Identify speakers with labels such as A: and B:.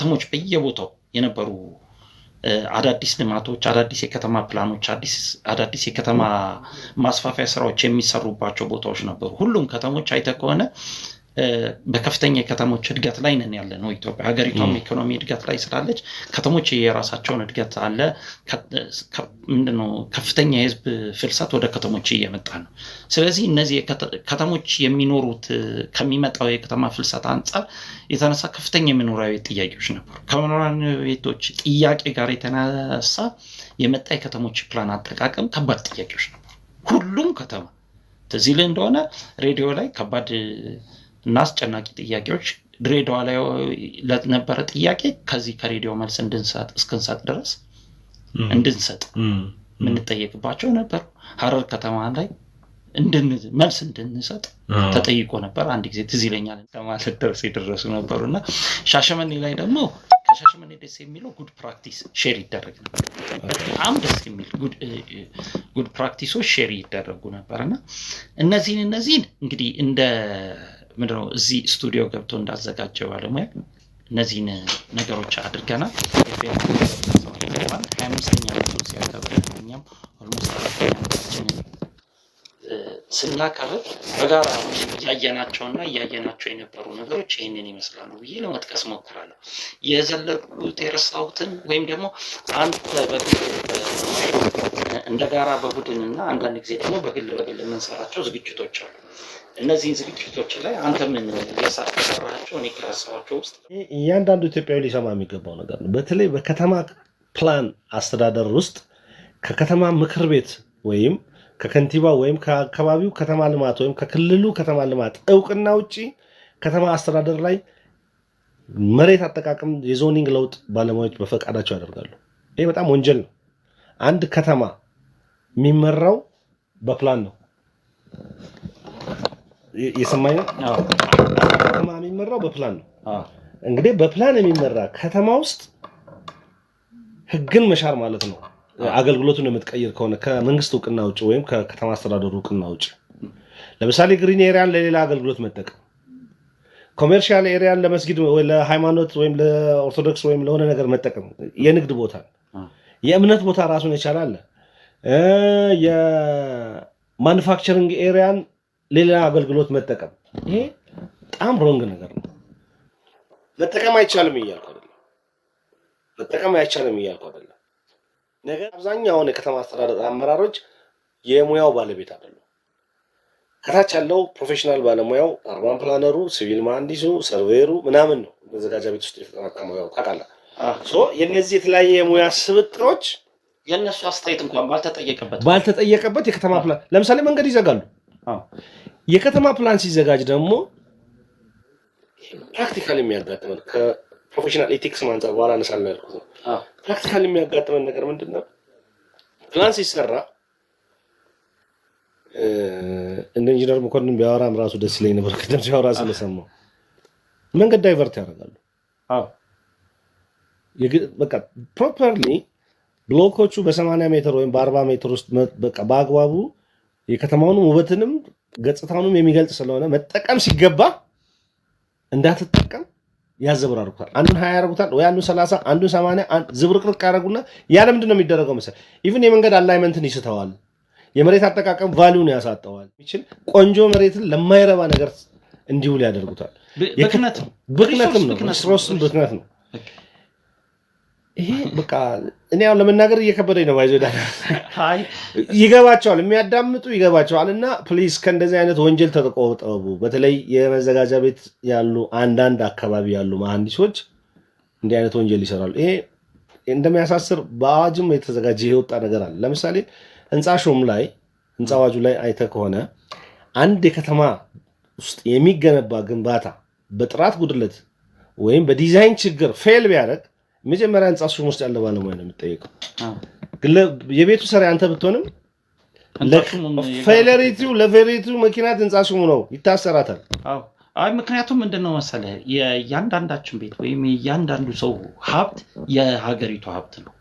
A: ከተሞች በየቦታው የነበሩ አዳዲስ ልማቶች፣ አዳዲስ የከተማ ፕላኖች፣ አዳዲስ የከተማ ማስፋፊያ ስራዎች የሚሰሩባቸው ቦታዎች ነበሩ። ሁሉም ከተሞች አይተህ ከሆነ በከፍተኛ የከተሞች እድገት ላይ ነን ያለ ነው። ኢትዮጵያ ሀገሪቷም ኢኮኖሚ እድገት ላይ ስላለች ከተሞች የራሳቸውን እድገት አለ። ምንድነው ከፍተኛ የህዝብ ፍልሰት ወደ ከተሞች እየመጣ ነው። ስለዚህ እነዚህ ከተሞች የሚኖሩት ከሚመጣው የከተማ ፍልሰት አንጻር የተነሳ ከፍተኛ የመኖሪያ ቤት ጥያቄዎች ነበሩ። ከመኖሪያ ቤቶች ጥያቄ ጋር የተነሳ የመጣ የከተሞች ፕላን አጠቃቀም ከባድ ጥያቄዎች ነበሩ። ሁሉም ከተማ ትዚል እንደሆነ ሬዲዮ ላይ ከባድ እና አስጨናቂ ጥያቄዎች ድሬዳዋ ላይ ለነበረ ጥያቄ ከዚህ ከሬዲዮ መልስ እንድንሰጥ እስክንሰጥ ድረስ እንድንሰጥ የምንጠየቅባቸው ነበሩ። ሀረር ከተማ ላይ መልስ እንድንሰጥ ተጠይቆ ነበር። አንድ ጊዜ ትዝ ይለኛል ከማለት የደረሱ ነበሩ እና ሻሸመኔ ላይ ደግሞ ከሻሸመኔ ደስ የሚለው ጉድ ፕራክቲስ ሼር ይደረግ ነበር። በጣም ደስ የሚል ጉድ ፕራክቲሶች ሼር ይደረጉ ነበር እና እነዚህን እነዚህን እንግዲህ እንደ ምንድነው እዚህ ስቱዲዮ ገብቶ እንዳዘጋጀው ባለሙያ እነዚህን ነገሮች አድርገናል። ሀያ አምስተኛ ዓመቱን ሲያከብር እኛም ኦልሞስት አራተኛ ዓመታችንን ስናከብር በጋራ እያየናቸውና እያየናቸው የነበሩ ነገሮች ይህንን ይመስላሉ ብዬ ለመጥቀስ ሞክራለሁ። የዘለቁት የረሳሁትን ወይም ደግሞ አንተ እንደ ጋራ በቡድንና አንዳንድ ጊዜ ደግሞ በግል በግል የምንሰራቸው ዝግጅቶች አሉ። እነዚህን ዝግጅቶች ላይ አንተ ምን የሰራቸው እኔ ከረሳኋቸው ውስጥ
B: እያንዳንዱ ኢትዮጵያዊ ሊሰማ የሚገባው ነገር ነው። በተለይ በከተማ ፕላን አስተዳደር ውስጥ ከከተማ ምክር ቤት ወይም ከከንቲባ ወይም ከአካባቢው ከተማ ልማት ወይም ከክልሉ ከተማ ልማት እውቅና ውጪ ከተማ አስተዳደር ላይ መሬት አጠቃቀም የዞኒንግ ለውጥ ባለሙያዎች በፈቃዳቸው ያደርጋሉ። ይህ በጣም ወንጀል ነው። አንድ ከተማ የሚመራው በፕላን ነው። የሰማኝ ነው። ከተማ የሚመራው በፕላን ነው። እንግዲህ በፕላን የሚመራ ከተማ ውስጥ ህግን መሻር ማለት ነው። አገልግሎቱን የምትቀይር ከሆነ ከመንግስት እውቅና ውጭ ወይም ከከተማ አስተዳደሩ እውቅና ውጭ፣ ለምሳሌ ግሪን ኤሪያን ለሌላ አገልግሎት መጠቀም፣ ኮሜርሻል ኤሪያን ለመስጊድ ለሃይማኖት ወይም ለኦርቶዶክስ ወይም ለሆነ ነገር መጠቀም፣ የንግድ ቦታ፣ የእምነት ቦታ ራሱን የቻላለ የማኑፋክቸሪንግ ኤሪያን ሌላ አገልግሎት መጠቀም ይሄ በጣም ሮንግ ነገር ነው። መጠቀም አይቻልም እያልኩ አይደለም። መጠቀም አይቻልም እያልኩ አይደለም። ነገር አብዛኛው አሁን የከተማ አስተዳደር አመራሮች የሙያው ባለቤት አይደሉም። ከታች ያለው ፕሮፌሽናል ባለሙያው አርባን ፕላነሩ፣ ሲቪል መሀንዲሱ፣ ሰርቬሩ ምናምን ነው። መዘጋጃ ቤት ውስጥ የተጠናካ ሙያው ታውቃለህ። የነዚህ የተለያየ የሙያ ስብጥሮች የእነሱ አስተያየት እንኳን ባልተጠየቀበት ባልተጠየቀበት የከተማ ፕላን ለምሳሌ መንገድ ይዘጋሉ። የከተማ ፕላን ሲዘጋጅ ደግሞ ፕራክቲካል የሚያጋጥመን ከፕሮፌሽናል ኤቲክስ ማንጻር በኋላ አነሳለሁ ያልኩት ፕራክቲካል የሚያጋጥመን ነገር ምንድን ነው? ፕላን ሲሰራ እንደ ኢንጂነር መኮንን ቢያወራም ራሱ ደስ ይለኝ ነበር። ቅድም ሲያወራ ስለሰማው መንገድ ዳይቨርት ያደርጋሉ። በቃ ፕሮፐርሊ ብሎኮቹ በሰማንያ ሜትር ወይም በአርባ ሜትር ውስጥ በቃ በአግባቡ የከተማውንም ውበትንም ገጽታውንም የሚገልጽ ስለሆነ መጠቀም ሲገባ እንዳትጠቀም ያዘብራርጉታል። አንዱን ሀያ ያደርጉታል ወይ አንዱን ሰላሳ አንዱን ሰማንያ ዝብርቅርቅ ያደረጉና ያለ ምንድን ነው የሚደረገው መሰል ኢቭን የመንገድ አላይመንትን ይስተዋል። የመሬት አጠቃቀም ቫሊውን ያሳጠዋል። ሚችል ቆንጆ መሬትን ለማይረባ ነገር እንዲውል ያደርጉታል። ብክነትም ነው ብክነት ነው። ይሄ በቃ እኔ አሁን ለመናገር እየከበደኝ ነው። ባይዞ ይገባቸዋል፣ የሚያዳምጡ ይገባቸዋል። እና ፕሊስ ከእንደዚህ አይነት ወንጀል ተቆጠቡ። በተለይ የመዘጋጃ ቤት ያሉ አንዳንድ አካባቢ ያሉ መሐንዲሶች እንዲህ አይነት ወንጀል ይሰራሉ። ይሄ እንደሚያሳስር በአዋጅም የተዘጋጀ የወጣ ነገር አለ። ለምሳሌ ህንፃ ሾም ላይ ህንፃ አዋጁ ላይ አይተ ከሆነ አንድ የከተማ ውስጥ የሚገነባ ግንባታ በጥራት ጉድለት ወይም በዲዛይን ችግር ፌል ቢያደርግ መጀመሪያ ህንፃ ሹም ውስጥ ያለ ባለሙያ ነው የምጠይቀው። የቤቱ ሰሪ አንተ ብትሆንም ፌሌሪቲው ለፌሌሪቲው መኪናት ህንጻ ሹሙ ነው ይታሰራታል።
A: አይ ምክንያቱም ምንድነው መሰለህ የእያንዳንዳችን ቤት ወይም የእያንዳንዱ ሰው ሀብት የሀገሪቱ ሀብት ነው።